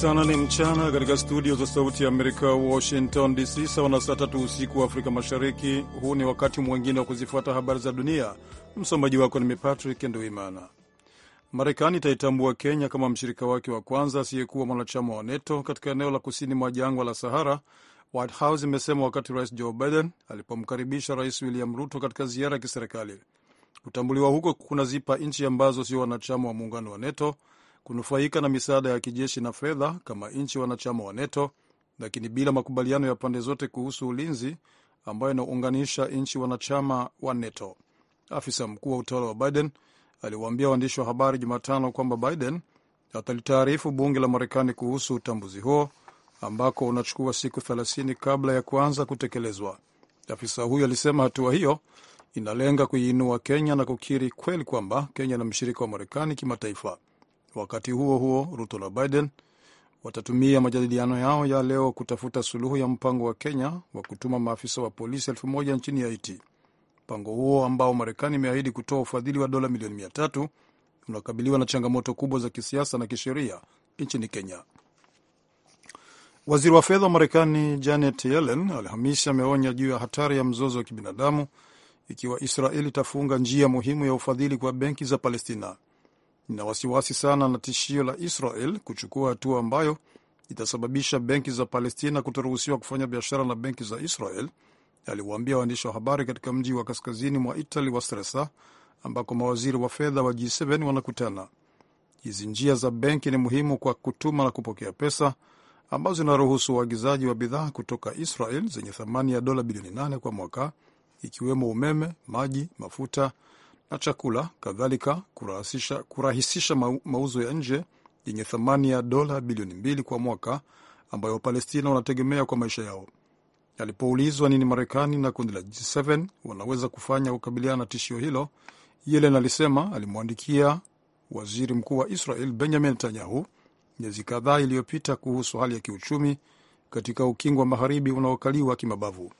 sana ni mchana katika studio za Sauti ya Amerika, Washington DC, sawa na saa tatu usiku wa Afrika Mashariki. Huu ni wakati mwingine wa kuzifuata habari za dunia. Msomaji wako ni Patrick Nduimana. Marekani itaitambua Kenya kama mshirika wake wa kwanza asiyekuwa mwanachama wa NATO katika eneo la kusini mwa jangwa la Sahara, White House imesema wakati Rais Joe Biden alipomkaribisha Rais William Ruto katika ziara ya kiserikali. Kutambuliwa huko kunazipa nchi ambazo sio wanachama wa muungano wa NATO kunufaika na misaada ya kijeshi na fedha kama nchi wanachama wa NATO, lakini bila makubaliano ya pande zote kuhusu ulinzi ambayo inaunganisha nchi wanachama wa NATO. Afisa mkuu wa utawala wa Biden aliwaambia waandishi wa habari Jumatano kwamba Biden atalitaarifu bunge la Marekani kuhusu utambuzi huo ambako unachukua siku 30 kabla ya kuanza kutekelezwa. Afisa huyo alisema hatua hiyo inalenga kuiinua Kenya na kukiri kweli kwamba Kenya na mshirika wa Marekani kimataifa. Wakati huo huo, Ruto na Biden watatumia majadiliano yao ya leo kutafuta suluhu ya mpango wa Kenya wa kutuma maafisa wa polisi elfu moja nchini Haiti. Mpango huo ambao Marekani imeahidi kutoa ufadhili wa dola milioni mia tatu unakabiliwa na changamoto kubwa za kisiasa na kisheria nchini Kenya. Waziri wa fedha wa Marekani Janet Yellen Alhamisi ameonya juu ya hatari ya mzozo wa kibinadamu ikiwa Israeli itafunga njia muhimu ya ufadhili kwa benki za Palestina nina wasiwasi sana na tishio la Israel kuchukua hatua ambayo itasababisha benki za Palestina kutoruhusiwa kufanya biashara na benki za Israel, aliwaambia waandishi wa habari katika mji wa kaskazini mwa Itali wa Stresa, ambako mawaziri wa fedha wa G7 wanakutana. Hizi njia za benki ni muhimu kwa kutuma na kupokea pesa ambazo zinaruhusu uagizaji wa, wa bidhaa kutoka Israel zenye thamani ya dola bilioni 8 kwa mwaka, ikiwemo umeme, maji, mafuta na chakula, kadhalika kurahisisha, kurahisisha mauzo ya nje yenye thamani ya dola bilioni mbili kwa mwaka ambayo Wapalestina wanategemea kwa maisha yao. Alipoulizwa nini Marekani na kundi la G7 wanaweza kufanya kukabiliana na tishio hilo, Yelen alisema alimwandikia waziri mkuu wa Israel Benjamin Netanyahu miezi kadhaa iliyopita kuhusu hali ya kiuchumi katika ukingo wa magharibi unaokaliwa kimabavu.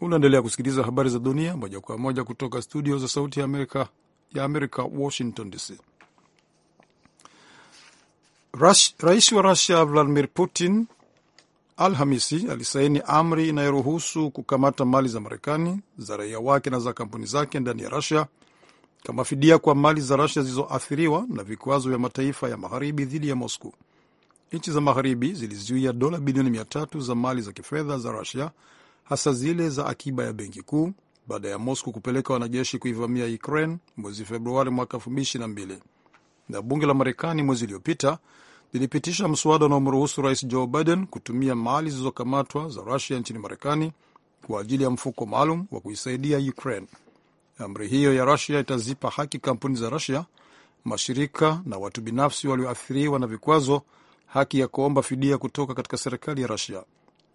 Unaendelea kusikiliza habari za dunia moja kwa moja kutoka studio za sauti ya Amerika, ya Amerika Washington DC. Rais wa Rusia Vladimir Putin Alhamisi alisaini amri inayoruhusu kukamata mali za Marekani za raia wake na za kampuni zake ndani ya Rusia kama fidia kwa mali za Rusia zilizoathiriwa na vikwazo vya mataifa ya magharibi dhidi ya Moscow. Nchi za magharibi zilizuia dola bilioni mia tatu za mali za kifedha za Rusia hasa zile za akiba ya benki kuu baada ya Moscow kupeleka wanajeshi kuivamia Ukraine mwezi Februari mwaka 2022. Na bunge la Marekani mwezi uliopita lilipitisha mswada unaomruhusu Rais Joe Biden kutumia mali zilizokamatwa za Rusia nchini Marekani kwa ajili ya mfuko maalum wa kuisaidia Ukraine. Amri hiyo ya Rusia itazipa haki kampuni za Rusia, mashirika na watu binafsi walioathiriwa na vikwazo, haki ya kuomba fidia kutoka katika serikali ya Rusia.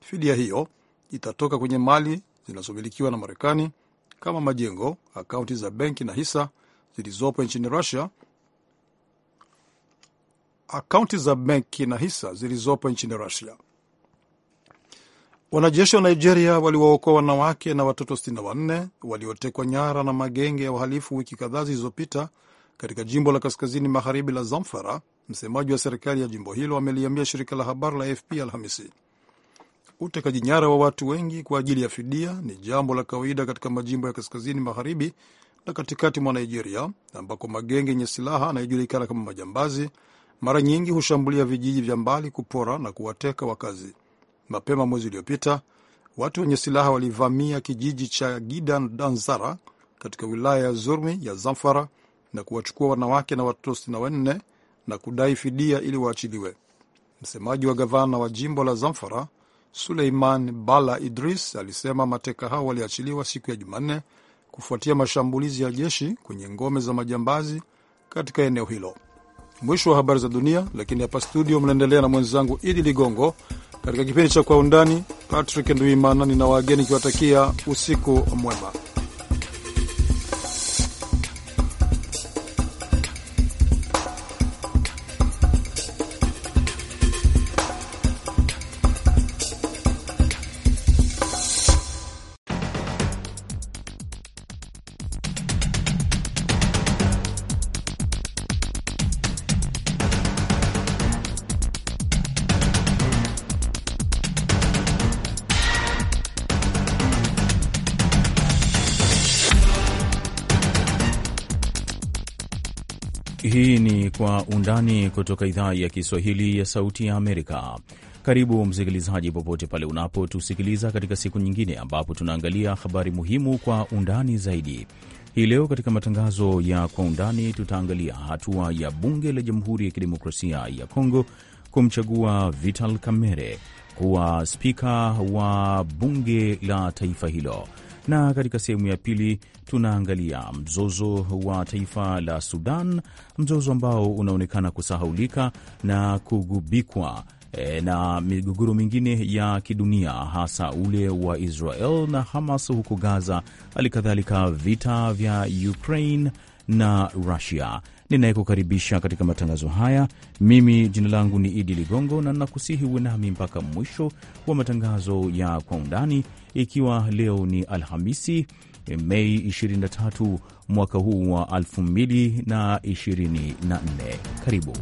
Fidia hiyo itatoka kwenye mali zinazomilikiwa na Marekani kama majengo, akaunti za benki na hisa zilizopo nchini Rusia. Akaunti za benki na hisa zilizopo nchini Rusia. Wanajeshi wa Nigeria waliwaokoa wanawake na watoto 64 waliotekwa nyara na magenge ya uhalifu wiki kadhaa zilizopita katika jimbo la kaskazini magharibi la Zamfara. Msemaji wa serikali ya jimbo hilo ameliambia shirika la habari la AFP Alhamisi. Utekaji nyara wa watu wengi kwa ajili ya fidia ni jambo la kawaida katika majimbo ya kaskazini magharibi na katikati mwa Nigeria, ambako magenge yenye silaha anayojulikana kama majambazi mara nyingi hushambulia vijiji vya mbali kupora na kuwateka wakazi. Mapema mwezi uliopita, watu wenye silaha walivamia kijiji cha Gidan Danzara katika wilaya ya Zurmi ya Zamfara na kuwachukua wanawake na watoto sitini na wanne na kudai fidia ili waachiliwe. Msemaji wa gavana wa jimbo la Zamfara Suleiman Bala Idris alisema mateka hao waliachiliwa siku ya Jumanne kufuatia mashambulizi ya jeshi kwenye ngome za majambazi katika eneo hilo. Mwisho wa habari za dunia, lakini hapa studio mnaendelea na mwenzangu Idi Ligongo katika kipindi cha Kwa Undani. Patrick Nduimana nina wageni kiwatakia usiku mwema. undani kutoka idhaa ya Kiswahili ya Sauti ya Amerika. Karibu msikilizaji, popote pale unapotusikiliza katika siku nyingine ambapo tunaangalia habari muhimu kwa undani zaidi. Hii leo katika matangazo ya kwa undani tutaangalia hatua ya bunge la Jamhuri ya Kidemokrasia ya Kongo kumchagua Vital Kamerhe kuwa spika wa bunge la taifa hilo na katika sehemu ya pili tunaangalia mzozo wa taifa la Sudan, mzozo ambao unaonekana kusahaulika na kugubikwa e, na migogoro mingine ya kidunia hasa ule wa Israel na Hamas huko Gaza, hali kadhalika vita vya Ukraine na Russia ninayekukaribisha katika matangazo haya. Mimi jina langu ni Idi Ligongo na nakusihi uwe nami mpaka mwisho wa matangazo ya Kwa Undani, ikiwa leo ni Alhamisi Mei 23 mwaka huu wa 2024. Karibu.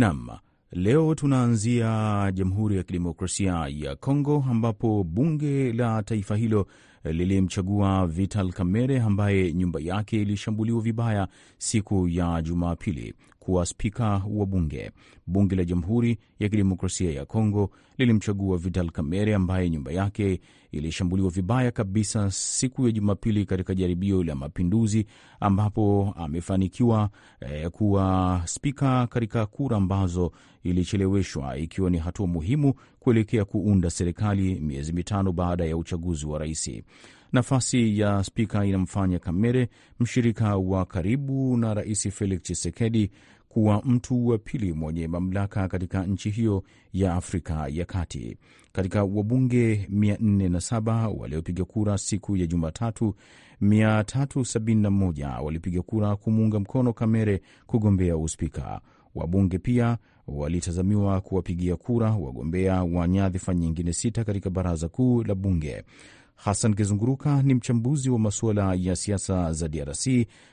Nam, leo tunaanzia Jamhuri ya Kidemokrasia ya Kongo ambapo bunge la taifa hilo lilimchagua Vital Kamerhe ambaye nyumba yake ilishambuliwa vibaya siku ya Jumapili kuwa spika wa bunge. Bunge la Jamhuri ya Kidemokrasia ya Kongo lilimchagua Vital Kamerhe ambaye nyumba yake ilishambuliwa vibaya kabisa siku ya Jumapili katika jaribio la mapinduzi, ambapo amefanikiwa eh, kuwa spika katika kura ambazo ilicheleweshwa, ikiwa ni hatua muhimu kuelekea kuunda serikali miezi mitano baada ya uchaguzi wa raisi Nafasi ya spika inamfanya Kamere mshirika wa karibu na Rais Felix Tshisekedi kuwa mtu wa pili mwenye mamlaka katika nchi hiyo ya Afrika ya Kati. Katika wabunge 407 waliopiga kura siku ya Jumatatu, 371 walipiga kura kumuunga mkono Kamere kugombea uspika. Wabunge pia walitazamiwa kuwapigia kura wagombea wa nyadhifa nyingine sita katika baraza kuu la bunge. Hassan Gezunguruka ni mchambuzi wa masuala ya siasa za DRC,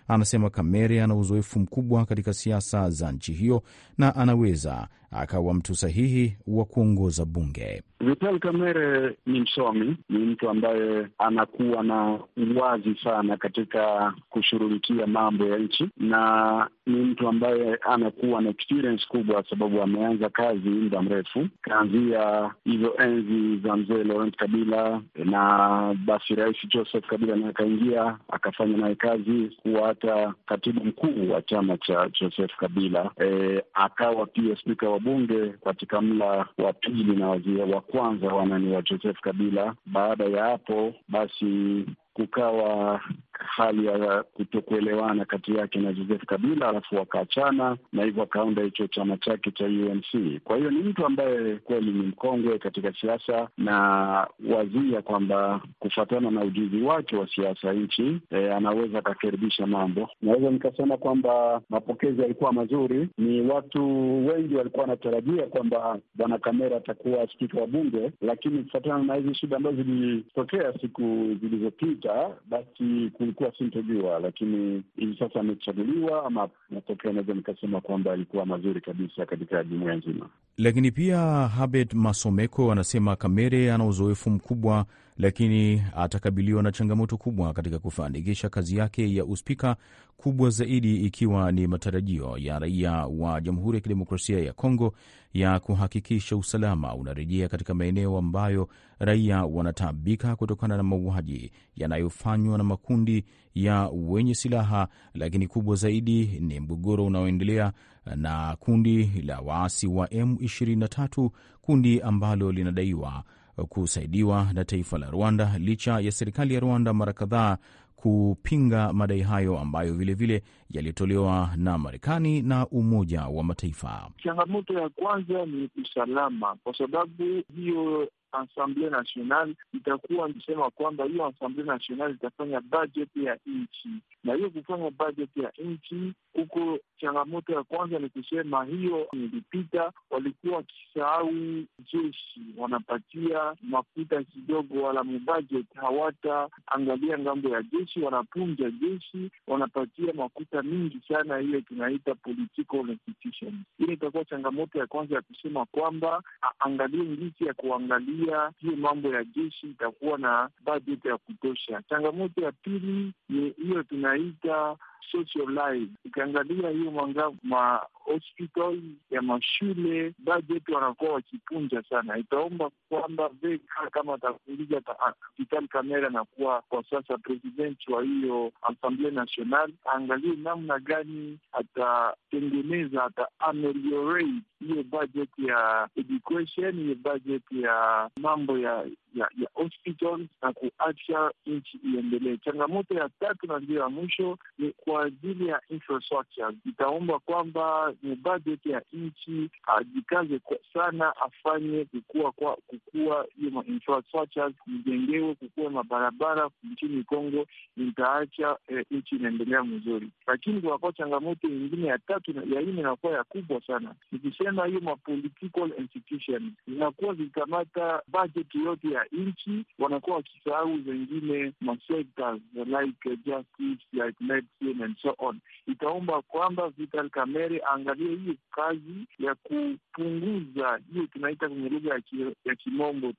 anasema Kamere ana uzoefu mkubwa katika siasa za nchi hiyo na anaweza akawa mtu sahihi wa kuongoza bunge. Vital Kamerhe ni msomi, ni mtu ambaye anakuwa na uwazi sana katika kushughulikia mambo ya nchi, na ni mtu ambaye anakuwa na experience kubwa, sababu ameanza kazi muda mrefu, kaanzia hizo enzi za mzee Laurent Kabila na basi Rais Joseph Kabila, naye akaingia akafanya naye kazi kuwa hata katibu mkuu wa chama cha Joseph Kabila. E, akawa pia spika wabunge katika mla wa pili na wa kwanza wanani wa Joseph Kabila. Baada ya hapo basi kukawa hali ya kutokuelewana kati yake na Joseph Kabila, alafu wakaachana na hivyo akaunda hicho chama chake cha UNC. Kwa hiyo ni mtu ambaye kweli ni mkongwe katika siasa na wazia kwamba kufuatana na ujuzi wake wa siasa nchi e, anaweza akakaribisha mambo. Naweza nikasema kwamba mapokezi yalikuwa mazuri, ni watu wengi walikuwa wanatarajia kwamba bwana Kamera atakuwa spika wa bunge, lakini kufuatana na hizi shida ambazo zilitokea siku zilizopita basi nilikuwa sintojua, lakini hivi sasa amechaguliwa, ama matokeo anaweza nikasema kwamba alikuwa mazuri kabisa katika jumuiya nzima. Lakini pia Habet Masomeko anasema Kamere ana uzoefu mkubwa, lakini atakabiliwa na changamoto kubwa katika kufanikisha kazi yake ya uspika kubwa zaidi ikiwa ni matarajio ya raia wa Jamhuri ya Kidemokrasia ya Kongo ya kuhakikisha usalama unarejea katika maeneo ambayo raia wanataabika kutokana na mauaji yanayofanywa na makundi ya wenye silaha, lakini kubwa zaidi ni mgogoro unaoendelea na kundi la waasi wa M23, kundi ambalo linadaiwa kusaidiwa na taifa la Rwanda licha ya serikali ya Rwanda mara kadhaa kupinga madai hayo ambayo vilevile yalitolewa na Marekani na Umoja wa Mataifa. Changamoto ya kwanza ni usalama, kwa sababu hiyo Assemble National itakuwa nisema kwamba hiyo Assemble National itafanya bajeti ya nchi, na hiyo kufanya bajeti ya nchi huko, changamoto ya kwanza ni kusema hiyo ilipita, walikuwa wakisahau jeshi, wanapatia mafuta kidogo, wala mubajeti hawataangalia ngambo ya jeshi, wanapunja jeshi, wanapatia mafuta mingi sana, hiyo tunaita political institution. Hiyo itakuwa changamoto ya kwanza ya kusema kwamba aangalie ngisi ya kuangalia kuangalia hiyo mambo ya jeshi itakuwa na bajeti ya kutosha. Changamoto ya pili ni hiyo tunaita social life. Ukiangalia hiyo mwanga ma hospital ya mashule budget wanakuwa wakipunja sana. Itaomba kwamba veka kama atafungiza hospitali kamera na kuwa kwa sasa president wa hiyo Assemblee National aangalie namna gani atatengeneza ata ameliorate hiyo budget ya education, hiyo budget ya mambo ya ya, ya hospital na kuacha nchi iendelee. Changamoto ya tatu na ndio ya mwisho ni kwa ajili ya infrastructure. Itaomba kwamba ni bajeti ya nchi ajikaze ah, sana, afanye kukua kwa kukua hiyo infrastructure mjengewe, kukua mabarabara nchini Kongo, nitaacha eh, nchi inaendelea mzuri. Lakini kunakuwa changamoto nyingine ya tatu ya nne inakuwa ya kubwa sana, nikisema hiyo mapolitical institution zinakuwa zikamata bajeti yote ya nchi, wanakuwa wakisahau zengine masekta like justice, like medicine and so on. Itaomba kwamba Vital Kamerhe aangalie hiyo kazi ya kupunguza hiyo tunaita kwenye lugha ya kimombo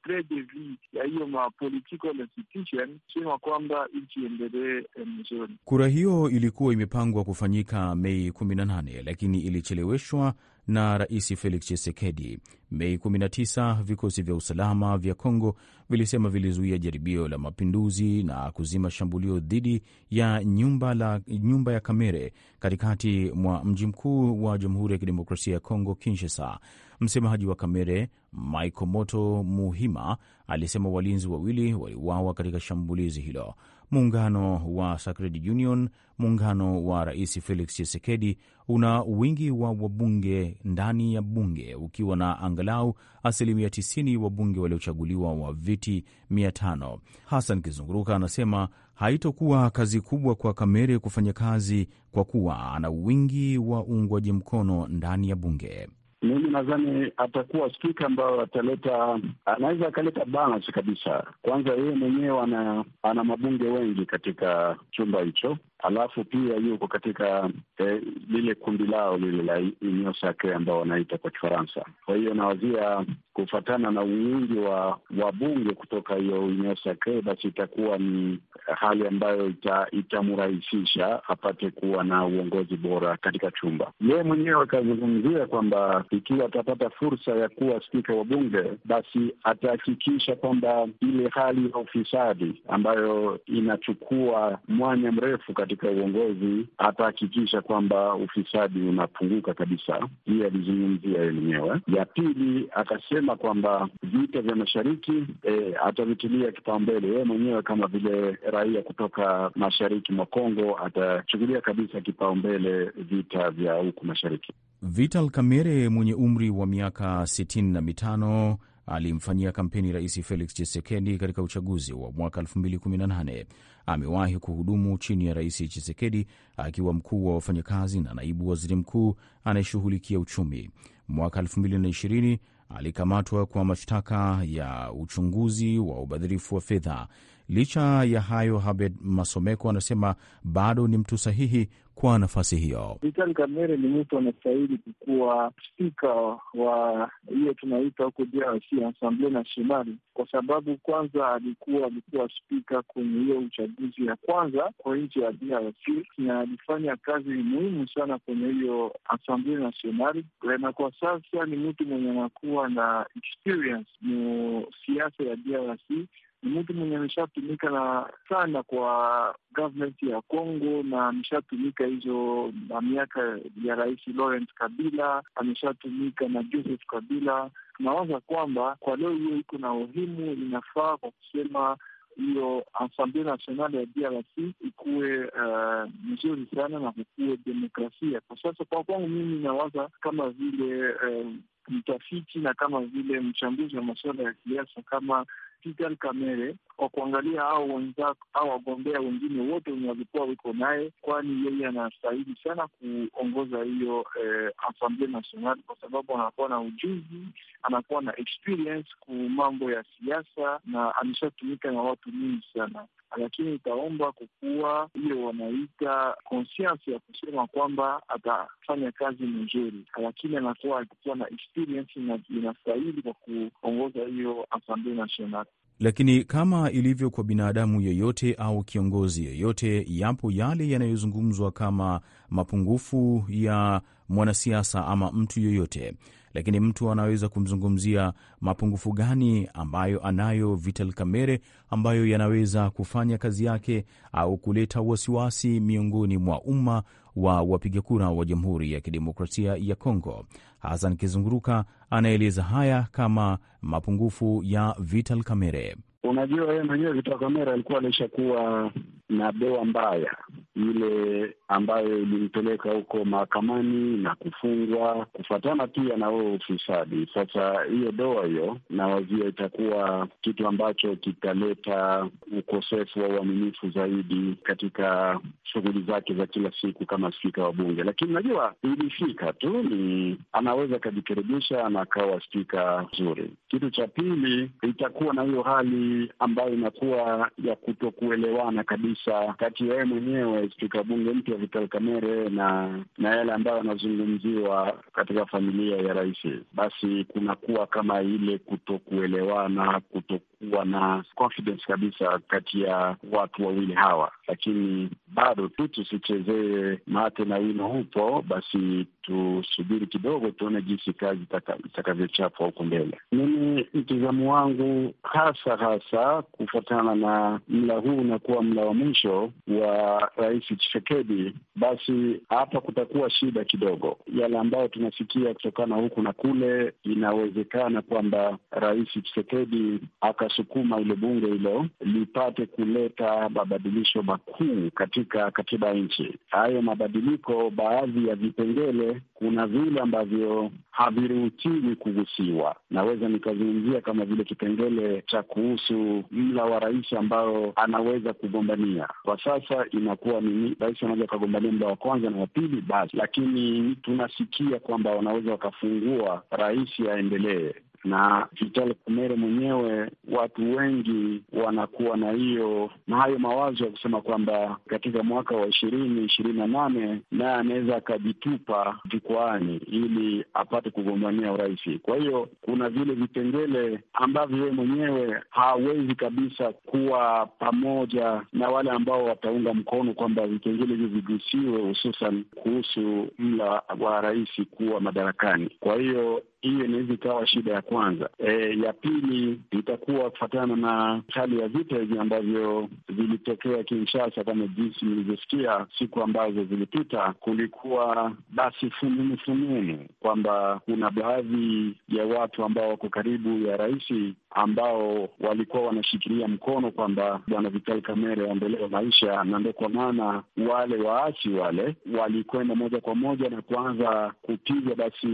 ya hiyo mapolitical institution, sema kwamba nchi iendelee eh, mwishoni. Kura hiyo ilikuwa imepangwa kufanyika Mei kumi na nane lakini ilicheleweshwa na Rais Felix chisekedi Mei 19 vikosi vya usalama vya Kongo vilisema vilizuia jaribio la mapinduzi na kuzima shambulio dhidi ya nyumba, la, nyumba ya Kamere katikati mwa mji mkuu wa Jamhuri ya Kidemokrasia ya Kongo, Kinshasa. Msemaji wa Kamere mico Moto Muhima alisema walinzi wawili waliuawa katika shambulizi hilo muungano wa Sacred Union, muungano wa Rais Felix chisekedi una wingi wa wabunge ndani ya bunge ukiwa na angalau asilimia 90 wabunge waliochaguliwa wa viti 500. Hassan Kizunguruka anasema haitokuwa kazi kubwa kwa Kamere kufanya kazi kwa kuwa ana wingi wa uungwaji mkono ndani ya bunge mimi nadhani atakuwa spika ambayo ataleta, anaweza akaleta balance kabisa. Kwanza yeye mwenyewe ana, ana mabunge wengi katika chumba hicho, alafu pia yuko katika eh, lile kundi lao lile la Union Sacre ambao wanaita kwa Kifaransa. Kwa hiyo nawazia kufuatana na uwingi wa wabunge kutoka hiyo Union Sacre, basi itakuwa ni hali ambayo itamrahisisha ita apate kuwa na uongozi bora katika chumba. Yeye mwenyewe akazungumzia kwamba ikiwa atapata fursa ya kuwa spika wa bunge, basi atahakikisha kwamba ile hali ya ufisadi ambayo inachukua mwanya mrefu katika uongozi atahakikisha kwamba ufisadi unapunguka kabisa. Hii alizungumzia yeye mwenyewe. Ya pili, akasema kwamba vita vya mashariki e, atavitilia kipaumbele yeye mwenyewe kama vile raia kutoka mashariki mwa Kongo atachukulia kabisa kipaumbele vita vya huku mashariki. Vital Kamerhe mwenye umri wa miaka sitini na mitano alimfanyia kampeni Rais Felix Tshisekedi katika uchaguzi wa mwaka 2018 amewahi kuhudumu chini ya Rais Chisekedi akiwa mkuu wa wafanyakazi na naibu waziri mkuu anayeshughulikia uchumi. Mwaka 2020 alikamatwa kwa mashtaka ya uchunguzi wa ubadhirifu wa fedha. Licha ya hayo, Habed Masomeko anasema bado ni mtu sahihi kwa nafasi hiyo. Vital Kamerhe ni mtu anastahili kukuwa spika wa hiyo tunaita huko DRC Assemble Nationale, kwa sababu kwanza alikuwa alikuwa spika kwenye hiyo uchaguzi ya kwanza kwa nchi ya DRC na alifanya kazi muhimu sana kwenye hiyo Assemble Nationale, na kwa sasa ni mtu mwenye anakuwa na experience mu siasa ya DRC ni mtu mwenye ameshatumika sana kwa government ya Congo na ameshatumika hizo na miaka ya Rais Laurent Kabila, ameshatumika na Joseph Kabila. Tunawaza kwamba kwa leo hiyo iko na umuhimu, inafaa kwa kusema hiyo Assemble Nationale ya DRC ikuwe uh, mzuri sana na kukuwe demokrasia kwa sasa. Kwa kwangu mimi nawaza kama vile uh, mtafiti na kama vile mchambuzi wa masuala ya siasa kama hospitali Kamere kwa kuangalia au wenzako au wagombea wengine wote wenye walikuwa wiko naye, kwani yeye anastahili sana kuongoza hiyo eh, Assemble National kwa sababu anakuwa na ujuzi, anakuwa na experience ku mambo ya siasa na ameshatumika na watu mingi sana lakini itaomba kukuwa hiyo wanaita conscience ya kusema kwamba atafanya kazi mzuri, lakini anakuwa akikuwa na experience inastahili kwa kuongoza hiyo Assemble Nationale. Lakini kama ilivyo kwa binadamu yeyote au kiongozi yeyote, yapo yale yanayozungumzwa kama mapungufu ya mwanasiasa ama mtu yoyote, lakini mtu anaweza kumzungumzia mapungufu gani ambayo anayo Vital Kamerhe ambayo yanaweza kufanya kazi yake au kuleta wasiwasi miongoni mwa umma wa wapiga kura wa Jamhuri ya Kidemokrasia ya Kongo. hasan Kizunguruka anaeleza haya kama mapungufu ya Vital Kamerhe. Unajua, yeye mwenyewe Vitor Kamera alikuwa alishakuwa na doa mbaya ile ambayo ilimpeleka huko mahakamani na kufungwa kufuatana pia na huo ufisadi. Sasa hiyo doa hiyo nawazia itakuwa kitu ambacho kitaleta ukosefu wa uaminifu zaidi katika shughuli zake za kila siku kama spika wa Bunge. Lakini najua ilifika tu, ni anaweza akajirekebisha na akawa spika mzuri. Kitu cha pili, itakuwa na hiyo hali ambayo inakuwa ya kutokuelewana kabisa kati ya yeye mwenyewe spika wa bunge mpya Vital Kamerhe na na yale ambayo anazungumziwa katika familia ya rais. Basi kunakuwa kama ile kutokuelewana kuto kuwa na confidence kabisa kati ya watu wawili hawa, lakini bado tu tusichezee mate na wino hupo. Basi tusubiri kidogo, tuone jinsi kazi itakavyochapwa huko mbele. Mimi mtizamo wangu hasa hasa kufuatana na mla huu unakuwa mla wa mwisho wa Rais chisekedi basi hapa kutakuwa shida kidogo. Yale ambayo tunasikia kutokana huku na kule, inawezekana kwamba Rais chisekedi aka litasukuma ile bunge hilo lipate kuleta mabadilisho makuu katika katiba ya nchi. Hayo mabadiliko, baadhi ya vipengele, kuna vile ambavyo haviruhusiwi kugusiwa. Naweza nikazungumzia kama vile kipengele cha kuhusu mla wa rais ambao anaweza kugombania. Kwa sasa inakuwa ni rais anaweza akagombania mla wa kwanza na wa pili basi, lakini tunasikia kwamba wanaweza wakafungua rais aendelee na Vital kamere mwenyewe, watu wengi wanakuwa na hiyo na hayo mawazo ya kusema kwamba katika mwaka wa ishirini ishirini na nane naye anaweza akajitupa jukwaani ili apate kugombania urais. Kwa hiyo kuna vile vipengele ambavyo yeye mwenyewe hawezi kabisa kuwa pamoja na wale ambao wataunga mkono kwamba vipengele hivyo vigusiwe, hususan kuhusu mla wa rais kuwa madarakani. Kwa hiyo hiyo inaweza ikawa shida ya kwanza. E, ya pili itakuwa kufuatana na hali ya vita hivi ambavyo vilitokea Kinshasa. Kama jinsi nilivyosikia siku ambazo zilipita, kulikuwa basi fununu fununu kwamba kuna baadhi ya watu ambao wako karibu ya rais ambao walikuwa wanashikilia mkono kwamba bwana Vital Kamerhe aendelee maisha, na ndo kwa maana wale waasi wale walikwenda moja kwa moja na kuanza kupiga basi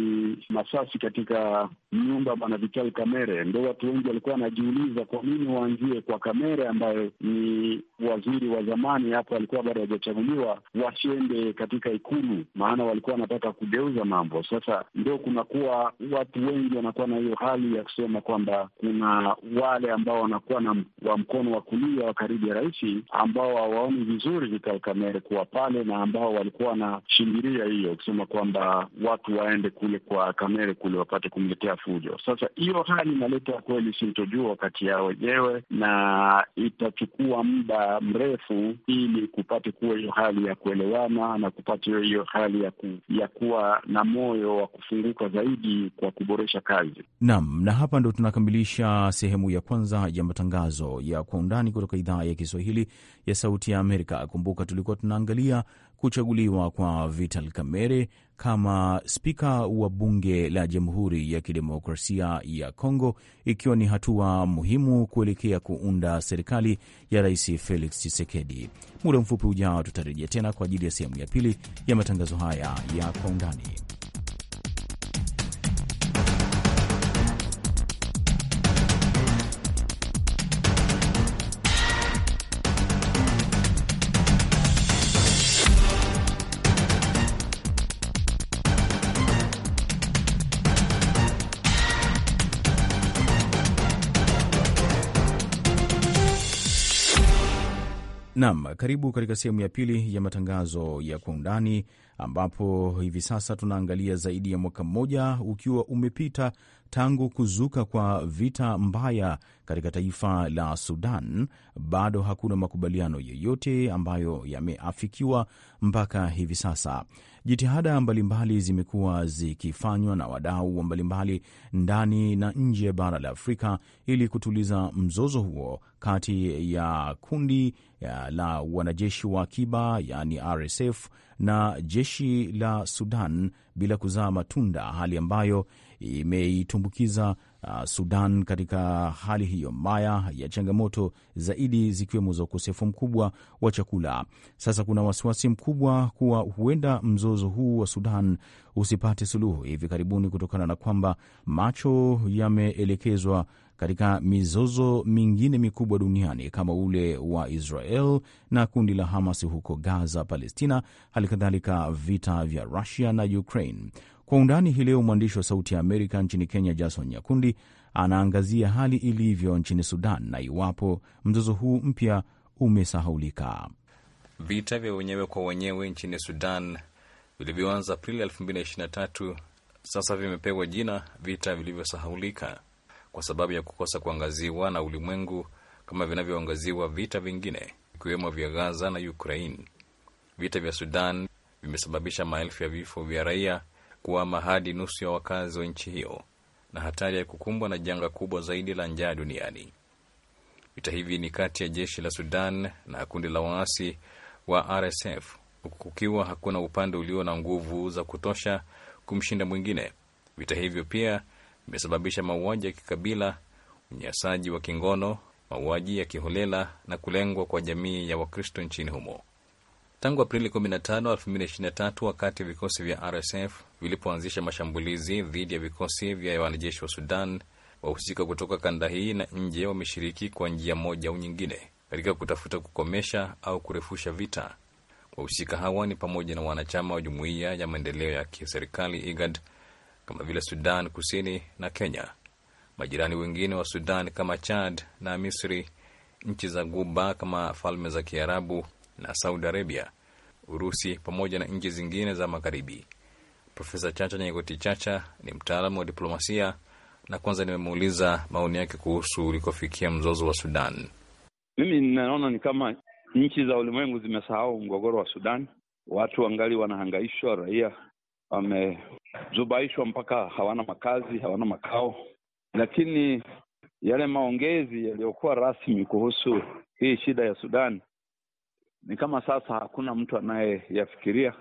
masasi katika nyumba bwana Vital Kamerhe. Ndo watu wengi walikuwa wanajiuliza kwa nini waanzie kwa Kamerhe ambaye ni waziri wa zamani, hapo alikuwa bado hajachaguliwa, wasiende katika Ikulu, maana walikuwa wanataka kugeuza mambo. Sasa ndo kunakuwa watu wengi wanakuwa na hiyo hali ya kusema kwamba kuna wale ambao wanakuwa na wa mkono wa kulia wa karibu ya rais ambao hawaoni vizuri Vital Kamerhe kuwa pale na ambao walikuwa wanashingiria hiyo kusema kwamba watu waende kule kwa Kamerhe kule wapate kumletea fujo. Sasa hiyo hali inaleta kweli sintojua kati yao wenyewe, na itachukua muda mrefu ili kupate kuwa hiyo hali ya kuelewana na kupata hiyo hali ya, ku, ya kuwa na moyo wa kufunguka zaidi kwa kuboresha kazi. Naam, na hapa ndo tunakamilisha sehemu ya kwanza ya matangazo ya Kwa Undani kutoka idhaa ya Kiswahili ya Sauti ya Amerika. Kumbuka tulikuwa tunaangalia kuchaguliwa kwa Vital Kamerhe kama spika wa bunge la Jamhuri ya Kidemokrasia ya Kongo, ikiwa ni hatua muhimu kuelekea kuunda serikali ya Rais Felix Tshisekedi. Muda mfupi ujao tutarejea tena kwa ajili ya sehemu ya pili ya matangazo haya ya Kwa Undani. Naam, karibu katika sehemu ya pili ya matangazo ya kwa undani ambapo hivi sasa tunaangalia zaidi ya mwaka mmoja ukiwa umepita tangu kuzuka kwa vita mbaya katika taifa la Sudan, bado hakuna makubaliano yoyote ambayo yameafikiwa mpaka hivi sasa. Jitihada mbalimbali zimekuwa zikifanywa na wadau mbalimbali ndani na nje ya bara la Afrika ili kutuliza mzozo huo kati ya kundi ya la wanajeshi wa akiba yaani RSF na jeshi la Sudan bila kuzaa matunda, hali ambayo imeitumbukiza uh, Sudan katika hali hiyo mbaya ya changamoto zaidi zikiwemo za ukosefu mkubwa wa chakula. Sasa kuna wasiwasi mkubwa kuwa huenda mzozo huu wa Sudan usipate suluhu hivi karibuni, kutokana na kwamba macho yameelekezwa katika mizozo mingine mikubwa duniani kama ule wa Israel na kundi la Hamas huko Gaza, Palestina, hali kadhalika vita vya Rusia na Ukraine. Kwa undani hii leo, mwandishi wa Sauti ya Amerika nchini Kenya, Jason Nyakundi, anaangazia hali ilivyo nchini Sudan na iwapo mzozo huu mpya umesahaulika. Vita vya wenyewe kwa wenyewe nchini Sudan vilivyoanza Aprili 2023 sasa vimepewa jina vita vilivyosahaulika kwa sababu ya kukosa kuangaziwa na ulimwengu kama vinavyoangaziwa vita vingine vikiwemo vya Gaza na Ukraine. Vita vya Sudan vimesababisha maelfu ya vifo vya raia kuama hadi nusu ya wakazi wa nchi hiyo na hatari ya kukumbwa na janga kubwa zaidi la njaa duniani. Vita hivi ni kati ya jeshi la Sudan na kundi la waasi wa RSF, huku kukiwa hakuna upande ulio na nguvu za kutosha kumshinda mwingine. Vita hivyo pia vimesababisha mauaji ya kikabila, unyanyasaji wa kingono, mauaji ya kiholela na kulengwa kwa jamii ya Wakristo nchini humo. Tangu Aprili 15, 2023 wakati vikosi vya RSF vilipoanzisha mashambulizi dhidi ya vikosi vya wanajeshi wa Sudan, wahusika kutoka kanda hii na nje wameshiriki kwa njia moja au nyingine katika kutafuta kukomesha au kurefusha vita. Wahusika hawa ni pamoja na wanachama wa jumuiya ya maendeleo ya kiserikali IGAD kama vile Sudan Kusini na Kenya, majirani wengine wa Sudan kama Chad na Misri, nchi za Guba kama Falme za Kiarabu na Saudi Arabia, Urusi pamoja na nchi zingine za Magharibi. Profesa Chacha Nyegoti Chacha ni mtaalamu wa diplomasia, na kwanza nimemuuliza maoni yake kuhusu ulikofikia mzozo wa Sudan. Mimi ninaona ni kama nchi za ulimwengu zimesahau mgogoro wa Sudan. Watu wangali wanahangaishwa, raia wamezubaishwa mpaka hawana makazi, hawana makao. Lakini yale maongezi yaliyokuwa rasmi kuhusu hii shida ya Sudan ni kama sasa hakuna mtu anayeyafikiria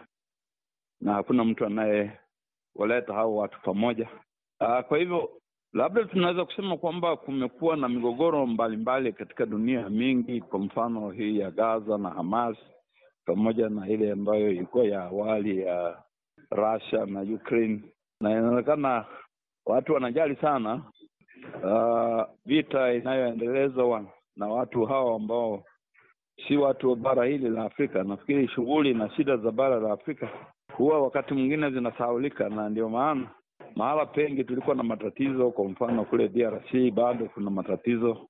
na hakuna mtu anayewaleta hao watu pamoja. Aa, ah, kwa hivyo labda tunaweza kusema kwamba kumekuwa na migogoro mbalimbali mbali katika dunia mingi, kwa mfano hii ya Gaza na Hamas pamoja na ile ambayo ilikuwa ya awali ya Russia na Ukraine, na inaonekana watu wanajali sana uh, vita inayoendelezwa na watu hao ambao si watu wa bara hili la Afrika. Nafikiri shughuli na shida za bara la Afrika huwa wakati mwingine zinasahaulika, na ndio maana mahala pengi tulikuwa na matatizo. Kwa mfano kule DRC bado kuna matatizo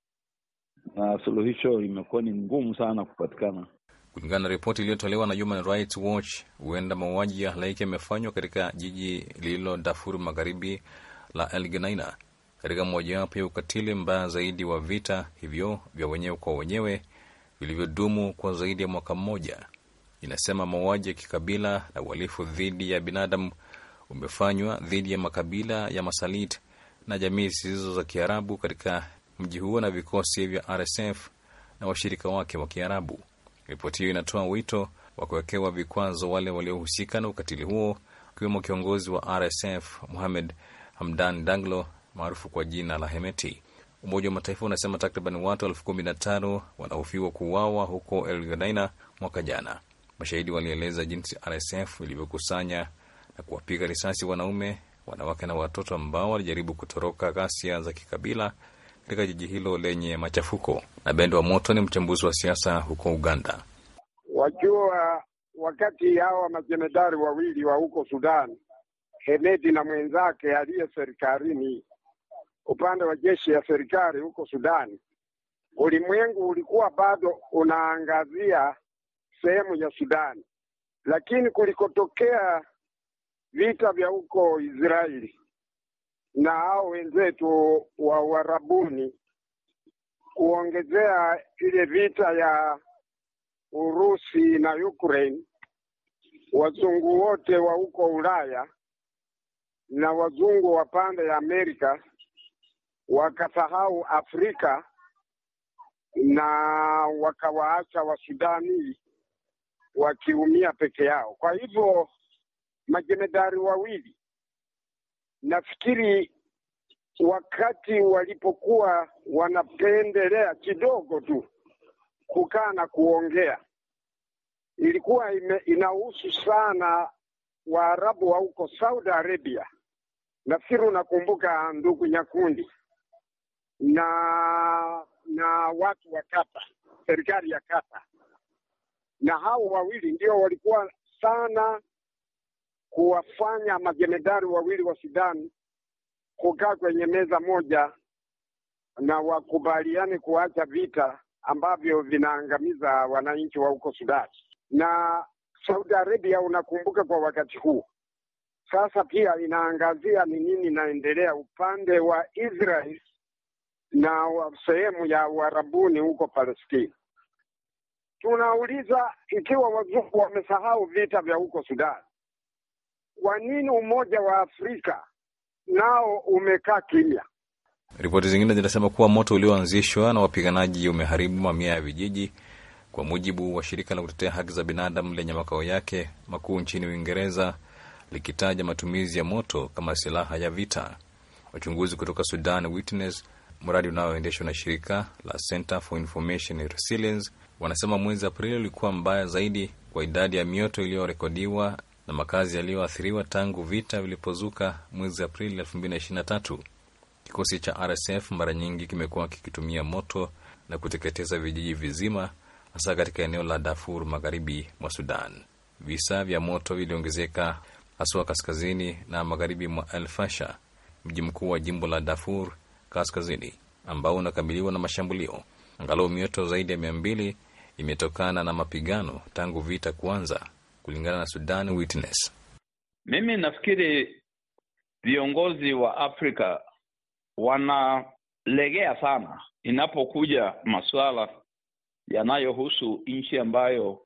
na suluhisho imekuwa ni ngumu sana kupatikana. Kulingana na ripoti iliyotolewa na Human Rights Watch, huenda mauaji ya halaiki yamefanywa katika jiji lililo Darfur magharibi la El Geneina, katika mojawapo ya ukatili mbaya zaidi wa vita hivyo vya wenyewe kwa wenyewe vilivyodumu kwa zaidi ya mwaka mmoja inasema mauaji ya kikabila na uhalifu dhidi ya binadamu umefanywa dhidi ya makabila ya Masalit na jamii zisizo za Kiarabu katika mji huo na vikosi vya RSF na washirika wake wa Kiarabu. Ripoti hiyo inatoa wito wa kuwekewa vikwazo wale waliohusika na ukatili huo, akiwemo kiongozi wa RSF muhamed Hamdan Danglo maarufu kwa jina la Hemeti. Umoja wa Mataifa unasema takriban watu elfu kumi na tano wanahofiwa kuuawa huko El Geneina mwaka jana. Mashahidi walieleza jinsi RSF ilivyokusanya na kuwapiga risasi wanaume, wanawake na watoto ambao walijaribu kutoroka ghasia za kikabila katika jiji hilo lenye machafuko. Na Bendo wa Moto ni mchambuzi wa siasa huko Uganda. Wajua, wakati hawa majemadari wawili wa huko Sudan, Hemedi na mwenzake aliye serikalini upande wa jeshi ya serikali huko Sudani, ulimwengu ulikuwa bado unaangazia sehemu ya Sudani, lakini kulikotokea vita vya huko Israeli na hao wenzetu wa Uarabuni, kuongezea ile vita ya Urusi na Ukraine, wazungu wote wa huko Ulaya na wazungu wa pande ya Amerika wakasahau Afrika na wakawaacha Wasudani wakiumia peke yao. Kwa hivyo majemadari wawili nafikiri wakati walipokuwa wanapendelea kidogo tu kukaa na kuongea, ilikuwa ime, inahusu sana Waarabu wa huko Saudi Arabia. Nafikiri unakumbuka ndugu Nyakundi, na na watu wa kata, serikali ya kata, na hao wawili ndio walikuwa sana kuwafanya majemedari wawili wa Sudan kukaa kwenye meza moja na wakubaliane kuacha vita ambavyo vinaangamiza wananchi wa huko Sudan na Saudi Arabia. Unakumbuka kwa wakati huu sasa pia inaangazia ni nini inaendelea upande wa Israel na sehemu ya uharabuni huko Palestina. Tunauliza, ikiwa wazungu wamesahau vita vya huko Sudan, kwa nini Umoja wa Afrika nao umekaa kimya? Ripoti zingine zinasema kuwa moto ulioanzishwa na wapiganaji umeharibu mamia ya vijiji, kwa mujibu wa shirika la kutetea haki za binadamu lenye makao yake makuu nchini Uingereza likitaja matumizi ya moto kama silaha ya vita. Wachunguzi kutoka Sudan Witness mradi unaoendeshwa na shirika la Center for Information Resilience, wanasema mwezi Aprili ulikuwa mbaya zaidi kwa idadi ya mioto iliyorekodiwa na makazi yaliyoathiriwa tangu vita vilipozuka mwezi Aprili 2023. Kikosi cha RSF mara nyingi kimekuwa kikitumia moto na kuteketeza vijiji vizima, hasa katika eneo la Darfur magharibi mwa Sudan. Visa vya moto viliongezeka haswa kaskazini na magharibi mwa alfasha mji mkuu wa jimbo la Darfur kaskazini ambao unakabiliwa na mashambulio. Angalau mioto zaidi ya mia mbili imetokana na mapigano tangu vita kuanza, kulingana na Sudan Witness. Mimi nafikiri viongozi wa Afrika wanalegea sana inapokuja masuala yanayohusu nchi ambayo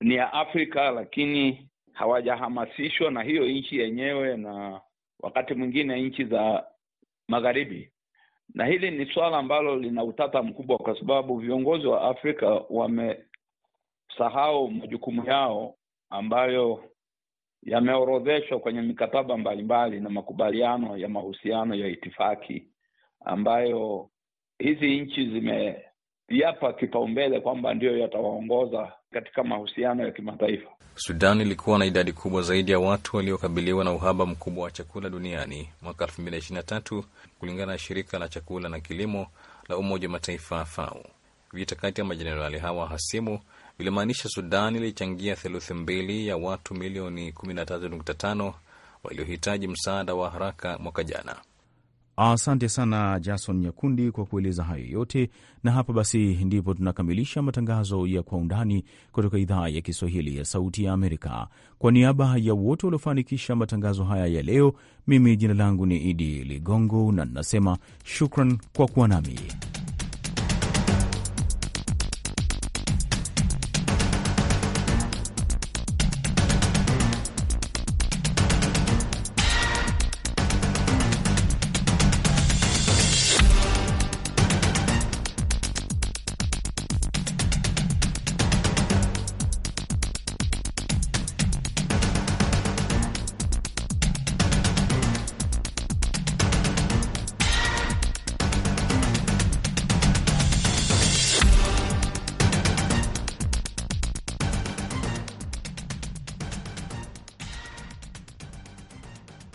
ni ya Afrika, lakini hawajahamasishwa na hiyo nchi yenyewe, na wakati mwingine nchi za magharibi na hili ni swala ambalo lina utata mkubwa kwa sababu viongozi wa Afrika wamesahau majukumu yao ambayo yameorodheshwa kwenye mikataba mbalimbali mbali na makubaliano ya mahusiano ya itifaki ambayo hizi nchi zime yapa kipaumbele kwamba ndiyo yatawaongoza katika mahusiano ya kimataifa. Sudan ilikuwa na idadi kubwa zaidi ya watu waliokabiliwa na uhaba mkubwa wa chakula duniani mwaka 2023 kulingana na shirika la chakula na kilimo la Umoja wa Mataifa FAO. Vita kati ya majenerali hawa hasimu vilimaanisha Sudan ilichangia theluthi mbili ya watu milioni 13.5 waliohitaji msaada wa haraka mwaka jana. Asante sana Jason Nyakundi kwa kueleza hayo yote, na hapa basi ndipo tunakamilisha matangazo ya Kwa Undani kutoka idhaa ya Kiswahili ya Sauti ya Amerika. Kwa niaba ya wote waliofanikisha matangazo haya ya leo, mimi jina langu ni Idi Ligongo na ninasema shukran kwa kuwa nami.